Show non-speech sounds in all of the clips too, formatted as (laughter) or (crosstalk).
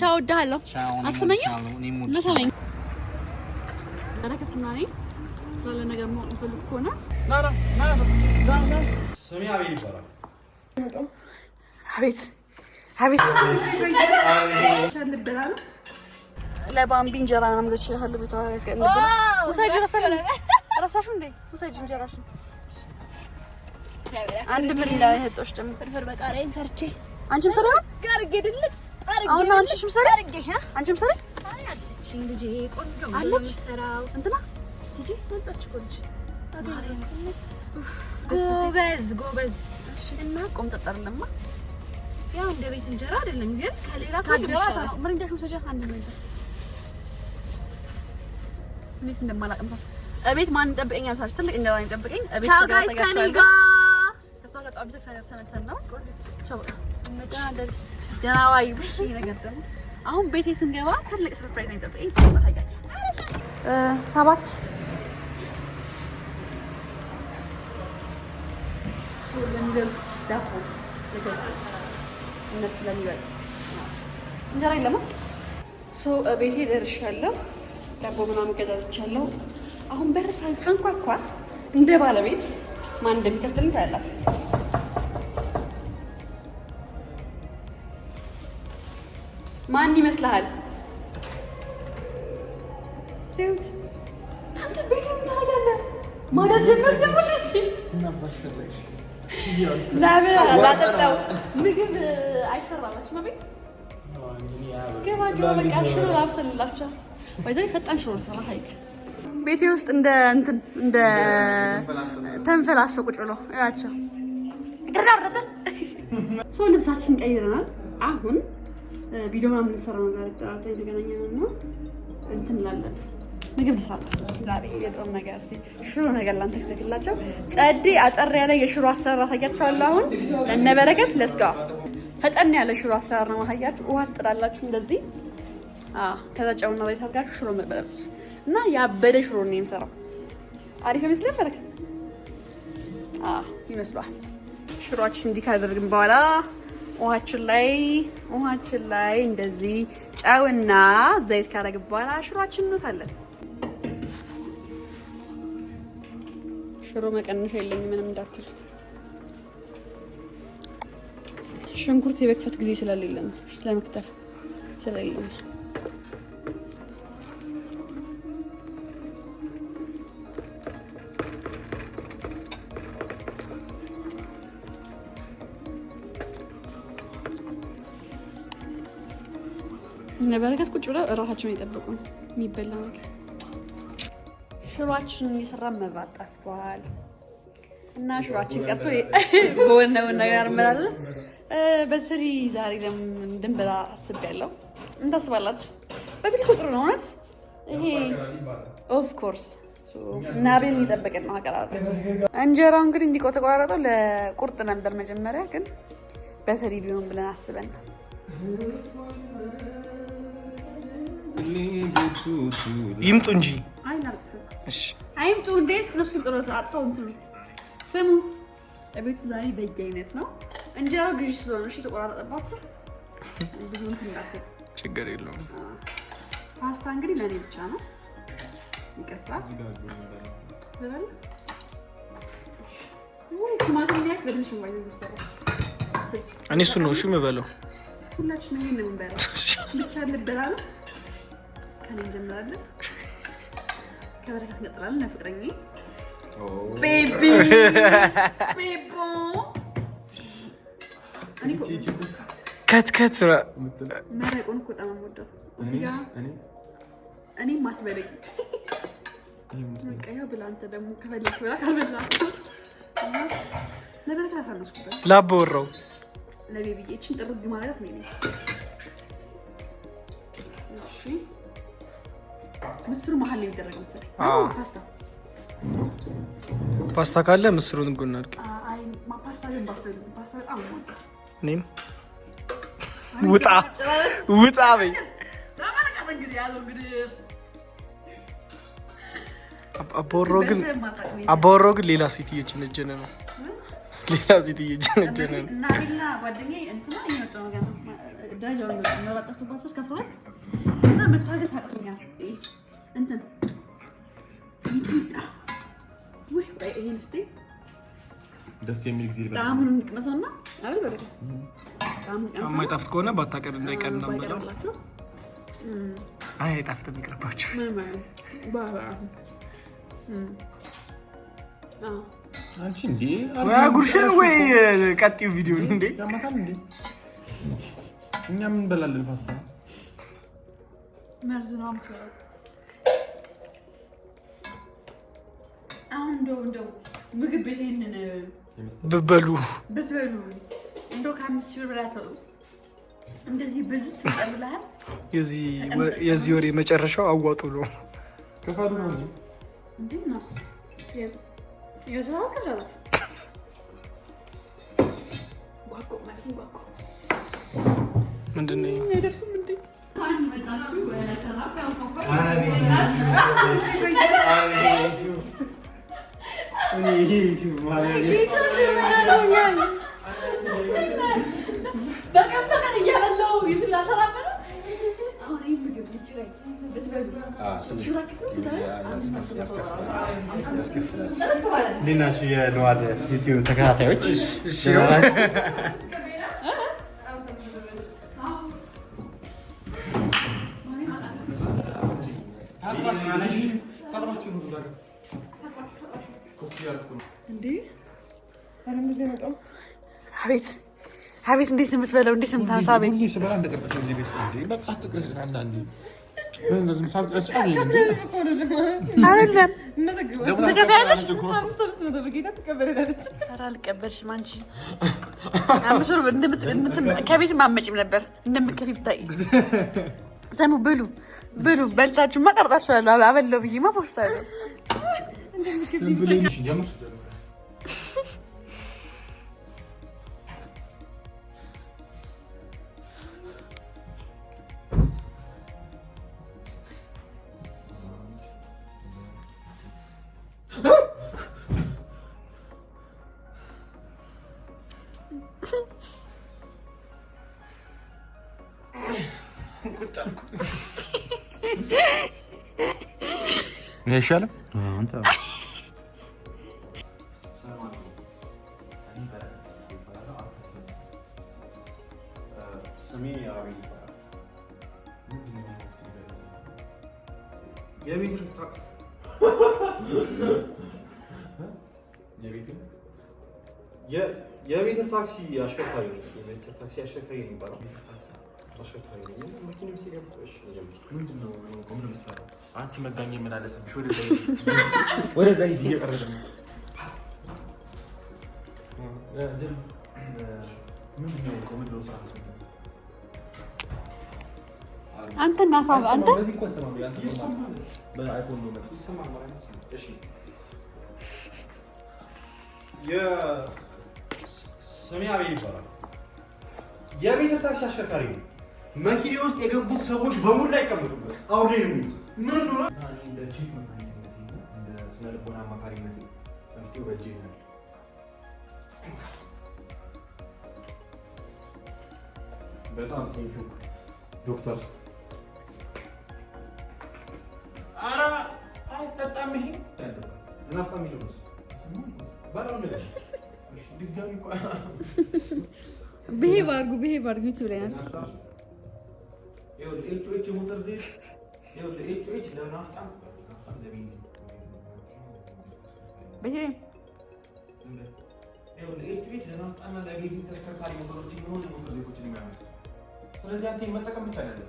ቻው እወድሃለሁ። አስመኝም ለሰመኝ በረከትና እኔ ስለ ነገር ማወቅ ከሆነ ስሜ አቤል ይባላል። አቤት ለባምቢ እንጀራ መምገት ይችላል። ቤቷ እንጀራሽን አንድ ብር ፍርፍር በቃሪያ ሰርቼ አንቺም አሁን አንቺ ምሰሪ አንቺ ምሰሪ አለች እንትና ቲጂ ወጣች እኮ ልጅ ጎበዝ ጎበዝ እና ቆምጠጥ ያው እንደ ቤት እንጀራ አይደለም ግን ከሌላ እንዴት እንደማላቅም እቤት ማን ይጠብቀኝ አልሳች ትልቅ እንጀራ ይጠብቀኝ እቤት ቻው ጋይስ ከኔ ጋር ከሷ ጋር ጣብዘክ ሳይደርሰን ነው ቻው ደህና ዋይ ብዬ ነገር አሁን ቤቴ ስንገባ ትልቅ ሰርፕራይዝ ነው የጠበቀኝ። ሰባት እንጀራ ቤቴ ደርሻለሁ። ዳቦ ምናምን ገዛዝቻለሁ። አሁን በር ሳንኳኳ እንደ ባለቤት ማን እንደሚከፍትልኝ ታያላችሁ። ማን ይመስልሃል? እዩት። አንተ ቤት ደግሞ ምግብ አይሰራላችሁም ቤት ገባ ገባ በቃ ሽሮ ላብሰልላቸው። ፈጣን ሽሮ ሰራ ሀይክ ቤቴ ውስጥ እንደ እንትን እንደ ተንፈላሶ ቁጭ ብሎ እያቸው ሶ ልብሳችን ቀይረናል አሁን ቪዲዮ ምናምን ልንሰራ ነው ዛሬ ተጠራርተን የተገናኘን እና እንትን ላለን ምግብ ልስራላቸው ዛሬ የጾም ነገር እስኪ ሽሮ ነገር ላንተክተክላቸው። ጸዴ አጠር ያለ የሽሮ አሰራር አሳያቸዋለሁ። አሁን ለነበረከት ለስጋዋ ፈጠን ያለ ሽሮ አሰራር ነው ማሳያችሁ። ውሃ ትጥላላችሁ እንደዚህ። ከዛ ጨውና ላይ ታርጋችሁ ሽሮ መበለብት እና ያበደ ሽሮ ነው የምሰራው። አሪፍ ይመስላል። በረከት ይመስሏል። ሽሮችን እንዲህ ካደርግን በኋላ ውሃችን ላይ ውሃችን ላይ እንደዚህ ጨውና ዘይት ካረግ በኋላ ሽሯችን እንወታለን። ሽሮ መቀነሻ የለኝ ምንም እንዳትል። ሽንኩርት የበክፈት ጊዜ ስለሌለ ነው ለመክተፍ ስለሌለ በረከት ቁጭ ብለው እራሳቸውን የጠበቁ የሚበላ ነገር። ሽሯችን እየሰራ መብራት ጠፍቷል እና ሽሯችን ቀርቶ (laughs) በወነውን ነገር አርመላለን። በትሪ ዛሬ ድንብላ አስብ ያለው እንታስባላችሁ። በትሪ ቁጥሩ ነው እውነት ይሄ ኦፍኮርስ እና ቤል እየጠበቅን ነው። አቀራረብ እንጀራው እንግዲህ እንዲቆ ተቆራረጠው ለቁርጥ ነበር መጀመሪያ፣ ግን በትሪ ቢሆን ብለን አስበን ነው ይምጡ እንጂ አይምጡ እንዴ! እስክልብስን ቅሮስ አጥፎ እንትኑ ስሙ ቤቱ ዛሬ በየ አይነት ነው። እንጀራው ግዢ ስለሆነ እሺ፣ ብዙ እንትን እንዳትል፣ ችግር የለውም። ፓስታ እንግዲህ ለእኔ ብቻ ነው። ይቅርታ እኔ እሱን ነው እሺ የምበለው። ሁላችንም ይሄን የምንበላው ብቻ ልበላ ነው ከኔ እንጀምራለን። ከበረከት እንቀጥላለን። ና ፍቅረኛ ቤቢ ቤቦ ከትከት መረቁን እኮ በጣም የምወደው እኔ ማትበለኝ ቀያ ብላ አንተ ደግሞ ከፈለክ ብላ ካልበላ ለበረከት አሳነስኩበት ላበወራው ለቤብዬ ጥርግ ማረጋት ነው ምስሩ መሀል ላይ የሚደረግ መሰለኝ። ፓስታ ፓስታ ካለ ምስሩን ጎን አድርጊ። እኔም ውጣ ውጣ በይ አባወራው ግን ሌላ ሴት እየጀነጀነ ነው። ሌላ ሴት እየጀነጀነ ነው። እንትን ሚጥሚጣ ወይ ወይ ይሄን እስቲ ደስ የሚል ጊዜ ጣሙን እንቅመሰውና አይደል በረከት ጣሙን ከሆነ ባታቀር እንዳይቀር ነው ማለት አይ ምን ማለት ባባ ጉርሽን ወይ ቀጥዩ ቪዲዮ እንዴ እኛ ምን እንበላለን ፓስታ መርዝ ነው። አሁን እንደው እንደው ምግብ ቤት ይሄንን ብበሉ እንደው ከአምስት ሺህ ብር እንደዚህ ብዝት ብላል። የዚህ ወሬ መጨረሻው አዋጡ ነው። ከፋሉ ነው ምንድን ነው በቀን በቀን እያበላሁ ዩቱብ ላሰራበት አሁን ይህ ምግብ ውጭ ላይ ብትበሉ እንዴት ናችሁ የነዋል ዩቲዩብ ተከታታዮች? አቤት አቤት! እንዴት ነው የምትበላው? እንዴት ነው የምታነሳው? ቤት ስበላ እንደ ቅርጥ ሰው እዚህ ቤት በቃ አትቅረሽ። አንዳንዴ አልቀበልሽም አንቺ ከቤት ማመጭም ነበር እንደምከፊ ብታይ ሰሙ ብሉ ብሉ በልታችሁማ ቀርጣችኋለሁ። አበለው ብዬማ ፖስታለሁ ተጣልኩ። እኔ አይሻልም የሜትር ታክሲ አሽከርካሪ ነው። የሜትር ታክሲ አሽከርካሪ የሚባለው አንቺ መጋኘ ምን አለሰብሽ? ወደዛ እየቀረሽ ነው። አንተ አንተ ስሜ አቤል ይባላል። የቤት ታክሲ አሽከርካሪ ነው። መኪና ውስጥ የገቡት ሰዎች በሙሉ ላይ አይቀመጡበት፣ አውሬ ነው የሚሉት። ምን ነው እንደ ቺፍ መካኒክ እንደ ስነ ልቦና አማካሪነት መፍትሄ በእጅ ነው። በጣም ቴንኪው ዶክተር። አረ አይጠጣም ይሄ ያለበት እናፍጣም ይለበስ ባለው ነገር ድጋሚ ብሄብ አድርጉ፣ ብሄብ አድርጉ ዩቲብ ላይ ናቸው ኤችኦኤች የሞተር ዘይት ኤችኦኤች ለናፍጣ ለናፍጣና ለቤንዚን ተሽከርካሪ ሞተሮች የሚሆን የሞተር ዘይቶችን የሚያመርት ስለዚህ አንተ መጠቀም ብቻ ያለን።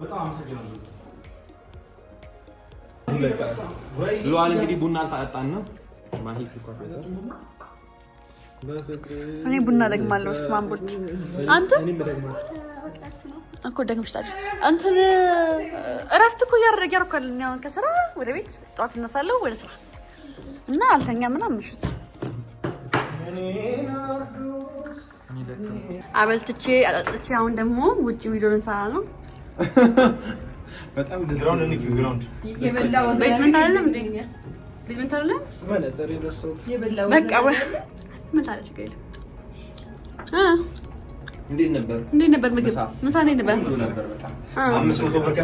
በጣም አመሰግናለሁ። ብሏል እንግዲህ ቡና አልታጣና ማሂ እኔ ቡና ደግማለሁ። ስማንቦች አንተ እኮ ደግምሽታችሁ እንትን እረፍት እኮ እያደረግያርኳል። አሁን ከስራ ወደ ቤት ጠዋት እነሳለሁ ወደ ስራ እና አልተኛ ምናምን ምሽት አበልትቼ አጠጥቼ አሁን ደግሞ ውጭ ቪዲዮ ልንሰራ ነው። በጣም ቤዝመንት አይደለም ቤት አይደለም በቃ ምን ሳለ ችግር የለም። እንዴት ነበር? እንዴት ነበር? ምግብ ምሳ እንዴት ነበር? አምስት መቶ ብር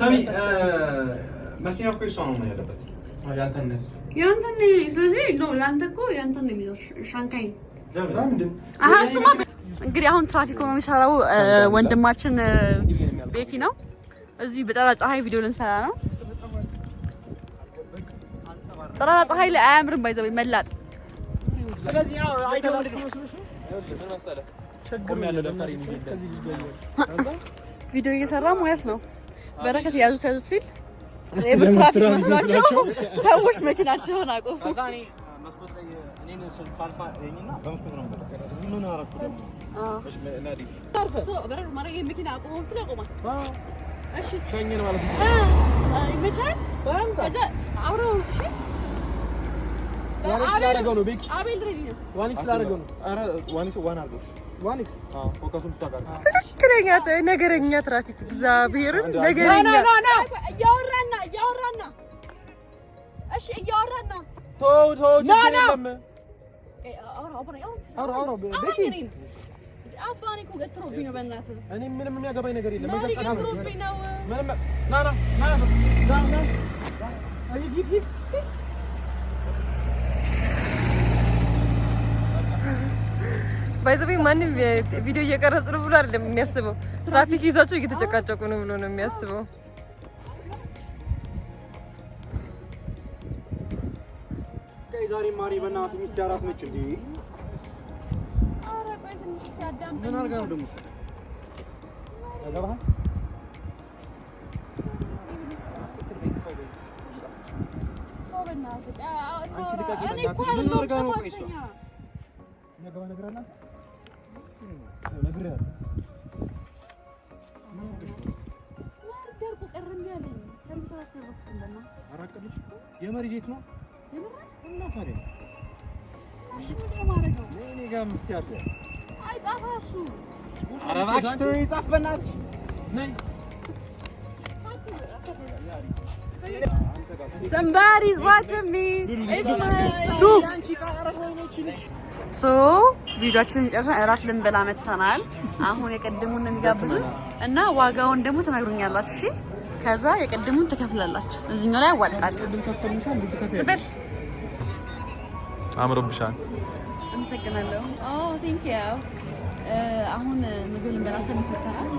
ሰሚ መኪና እኮ የእሷ ነው ያለበት ያንተ ስለዚህ ለአንተ እኮ ነው ሻንካይ እንግዲህ አሁን ትራፊክ ሆኖ የሚሰራው ወንድማችን ቤኪ ነው። እዚህ በጠራ ፀሐይ ቪዲዮ ልንሰራ ነው። ጠራራ ፀሐይ ላይ አያምርም። ባይዘው መላጥ ቪዲዮ እየሰራ ሙያት ነው። በረከት ያዙት ያዙት ሲል ትራፊክ መስሏቸው ሰዎች መኪናቸውን አቆፉ። መስኮት ላይ እኔን ሳልፋ እኔና በመስኮት ነው የምትቀረጥ። ምን አደረኩ ደግሞ? እሺ ናዲ ታርፈ ሶ በረር ማረግ የመኪና አቆመ ብትል አቆማ። እሺ ሸኝን ማለት ነው። ይመቻል። ከዛ አብረው እሺ ዋኒክስ ላደረገው ነው ቤኪ አቤል ሬዲ ነው። ዋኒክስ ላደረገው ነው። ኧረ ዋኒክስ ዋን አድርጎሽ ትክክለኛ ነገረኛ ትራፊክ እግዚአብሔርን ነገረኛ እያወራና እያወራና እያወራና ተው ተው፣ ችግር የለም። እኔ ምንም የሚያገባኝ ነገር የለም። ባይዘቤ ማንም ቪዲዮ እየቀረጽ ነው ብሎ አይደለም የሚያስበው። ትራፊክ ይዟቸው እየተጨቃጨቁ ነው ብሎ ነው የሚያስበው። ቆይ ዛሬ ማሪ በእናትህ ሚስት አራስ ነች እንዴ? ምን አድርጋ ነው ደግሞ? የመሪ ዘይት ነው Somebody's watching me. It's my ቪዲዮችን ጨርሰን እራት ልንበላ መጥተናል። አሁን የቀድሙን ነው የሚጋብዙን እና ዋጋውን ደግሞ ተናግሩኛላችሁ። ከዛ የቅድሙን ትከፍላላችሁ። እዚህኛው ላይ ያዋጣል። ስበል አምሮብሻል። አመሰግናለሁ። ቴንክ ዩ። አሁን ምግብ ልንበላ ሰንፈተናል።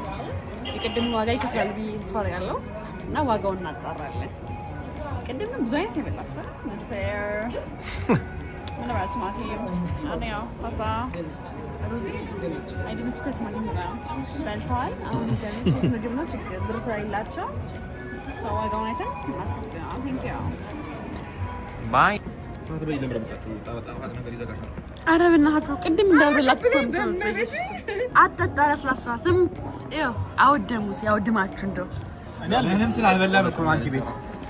የቅድሙን ዋጋ ይከፍላል ብዬ ተስፋ አደርጋለሁ እና ዋጋውን እናጣራለን። ቅድምም ብዙ አይነት ይበላል ምን 말씀하세요? 안 해요. 파스타, ሩዝ፣ አይ ድንቹ ከቲማቲም ጋር በልተዋል። አሁን ጀምስ ሶስት ምግብ ነው ችግር ብር ስለሌላቸው ሰው ዋጋውን አይተን እናስከፍለናል። ቴንክ ዩ ባይ ኧረ በእናታችሁ ቅድም እንዳይበላችሁ አጠጣ ለስላሳ ስም አወደሙት ያወድማችሁ እንደው ምንም ስላልበላ ነው እኮ አንቺ ቤት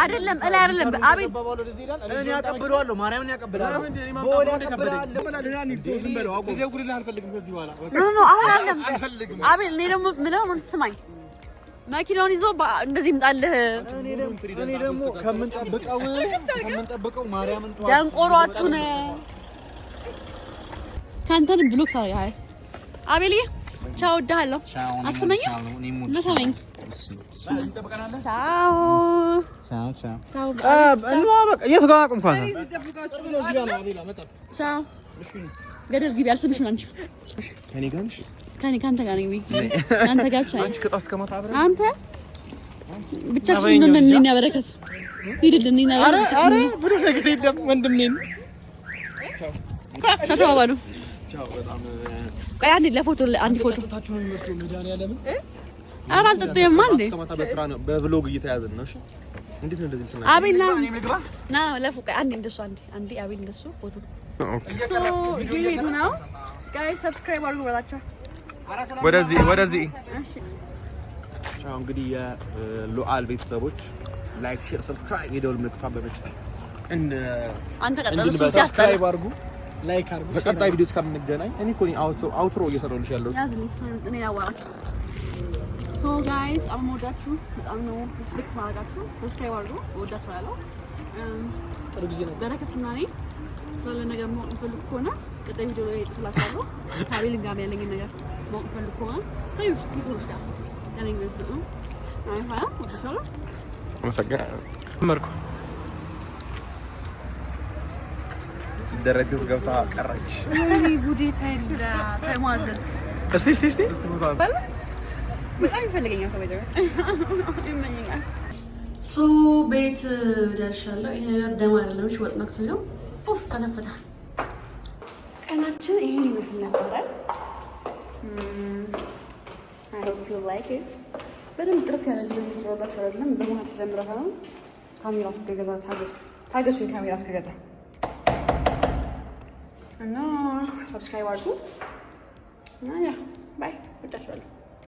አይደለም እላ አይደለም አቤል እኔ ያቀብለዋለሁ። ማርያምን ያቀብለዋለሁ። አቤል እኔ ደግሞ ምለው ምን ስማኝ መኪናውን ይዞ እንደዚህ ይምጣልህ። እኔ ደግሞ ከምንጠብቀው ከምንጠብቀው ማርያምን ደንቆሮ አቱን ካንተን ብሎክ ታሪ አቤልዬ ቻው፣ እወድሃለሁ። አስመኝ ልሰመኝ። ገደል ግቢ አልስብሽም። አንቺ ከኔ ከአንተ ጋር ነኝ። አንተ ጋር ብቻ አንተ ብቻችን ነን። ያበረከት ሂድልን። ብሩ ነገር የለም ወንድሜ ተባባሉ። ቆይ አንድ ለፎቶ አንድ ፎቶ ኧረ አልጠጡም። አንዴ በስራ ነው በቭሎግ እየተያዝን ነው። እሺ እንዴት ነው እንደዚህ እንትን አቤል ና ና ለፎ ቆይ አንዴ እንደሱ አንዴ አንዴ አቤል እንደሱ ፎቶ እየሄዱ ነው። ጋይ ሰብስክራይብ አድርጉ በላቸው። ወደዚህ ወደዚህ እንግዲህ የሉዓል ቤተሰቦች ላይክ፣ ሼር፣ ሰብስክራይብ የደወል ምልክቷን በመጫን አንተ ሰብስክራይብ ሲያስተላልፉ ላይክ አድርጉ። በቀጣይ ቪዲዮ እስከምንገናኝ እኔ እኮ አውትሮ እየሰራሁልሽ ያለሁት እኔ ያዋራል። ሶ ጋይስ አሁን ወዳችሁ በጣም ነው ሪስፔክት ማድረጋችሁ። ሰብስክራይብ አድርጉ። ወዳችሁ ያለው ጥሩ ጊዜ ነው። በረከትና እኔ ስለ ነገር ማወቅ እንፈልግ ከሆነ ቀጣይ ቪዲዮ ላይ ጽፍላችኋለሁ። ካቤል ጋር ያለኝን ነገር ማወቅ እንፈልግ ከሆነ ከዩ ክሊክሎች ጋር ያለኝ ነው። አይ ሀያ ወዳችኋለሁ። አመሰግናለሁ። መርኩ ደረት ደረትስ ገብታ ቀረች። ቤት ደርሻለሁ። ይሄ ነገር ደም አይደለም፣ ወጥ ነክቶ ነው። ፈተፈታ ቀናችን ይሄን ይመስል ነበረ። በደንብ ጥርት ያለ ቪዲዮ እየሰራሁላችሁ አይደለም፣ በመሀል ስለምረሳ ነው። ካሜራ እስከገዛ ታገሱ፣ ታገሱ፣ ካሜራ እስከገዛ En dan habe ich keine Naja, bye. Wird